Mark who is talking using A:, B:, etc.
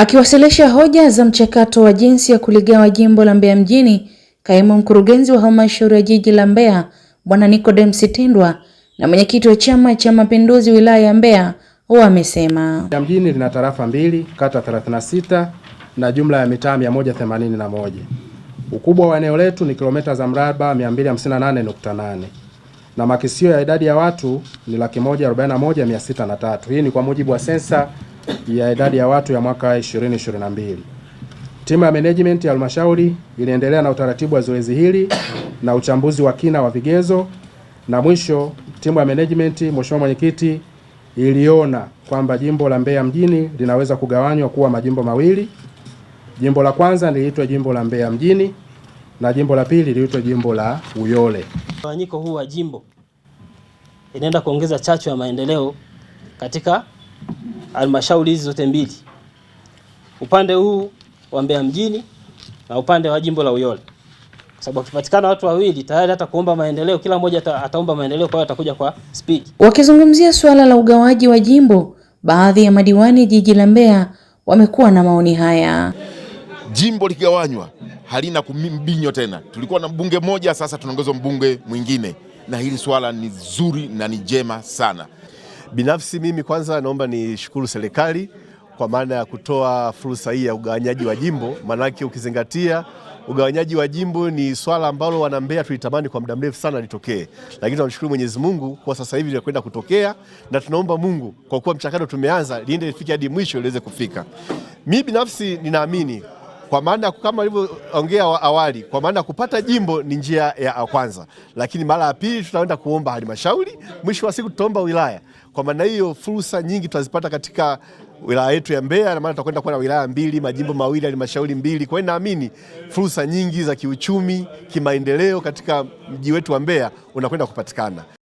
A: Akiwasilisha hoja za mchakato wa jinsi ya kuligawa jimbo la Mbeya mjini, kaimu mkurugenzi wa halmashauri ya jiji la Mbeya Bwana Nicodemus Tindwa na mwenyekiti wa Chama cha Mapinduzi wilaya ya Mbeya Mbeya
B: mjini lina tarafa mbili, kata 36 na jumla ya mitaa 181. Ukubwa wa eneo letu ni kilomita za mraba 258.8 na makisio ya idadi ya watu ni laki moja Hii ni kwa mujibu wa sensa ya idadi ya watu ya mwaka 2022. Timu ya management ya halmashauri iliendelea na utaratibu wa zoezi hili na uchambuzi wa kina wa vigezo, na mwisho timu ya management, Mheshimiwa Mwenyekiti, iliona kwamba jimbo la Mbeya mjini linaweza kugawanywa kuwa majimbo mawili. Jimbo la kwanza liliitwa jimbo la Mbeya mjini na jimbo la pili liliitwa jimbo la Uyole.
C: Mgawanyiko huu wa jimbo inaenda kuongeza chachu ya maendeleo katika halmashauri hizi zote mbili, upande huu wa Mbeya mjini na upande wa jimbo la Uyole, kwa sababu akipatikana watu wawili tayari hata kuomba maendeleo, kila mmoja ataomba maendeleo, kwa hiyo atakuja kwa speed.
A: Wakizungumzia suala la ugawaji wa jimbo, baadhi ya madiwani jiji la Mbeya wamekuwa na maoni haya.
D: Jimbo likigawanywa halina kumbinyo tena. Tulikuwa na mbunge mmoja, sasa tunaongezwa mbunge mwingine, na hili swala ni zuri na ni jema sana.
E: Binafsi mimi kwanza naomba nishukuru serikali kwa maana ya kutoa fursa hii ya ugawanyaji wa jimbo, maanake ukizingatia ugawanyaji wa jimbo ni swala ambalo wana Mbeya tulitamani kwa muda mrefu sana litokee, lakini tunamshukuru Mwenyezi Mungu kwa sasa hivi linakwenda kutokea, na tunaomba Mungu kwa kuwa mchakato tumeanza liende lifike hadi mwisho liweze kufika. Mimi binafsi ninaamini kwa maana kama alivyoongea awali, kwa maana kupata jimbo ni njia ya kwanza, lakini mara ya pili tutaenda kuomba halmashauri, mwisho wa siku tutaomba wilaya. Kwa maana hiyo fursa nyingi tutazipata katika wilaya yetu ya Mbeya, na maana tutakwenda kuwa na wilaya mbili, majimbo mawili, halmashauri mbili. Kwa hiyo naamini fursa nyingi za kiuchumi, kimaendeleo katika mji wetu wa Mbeya unakwenda kupatikana.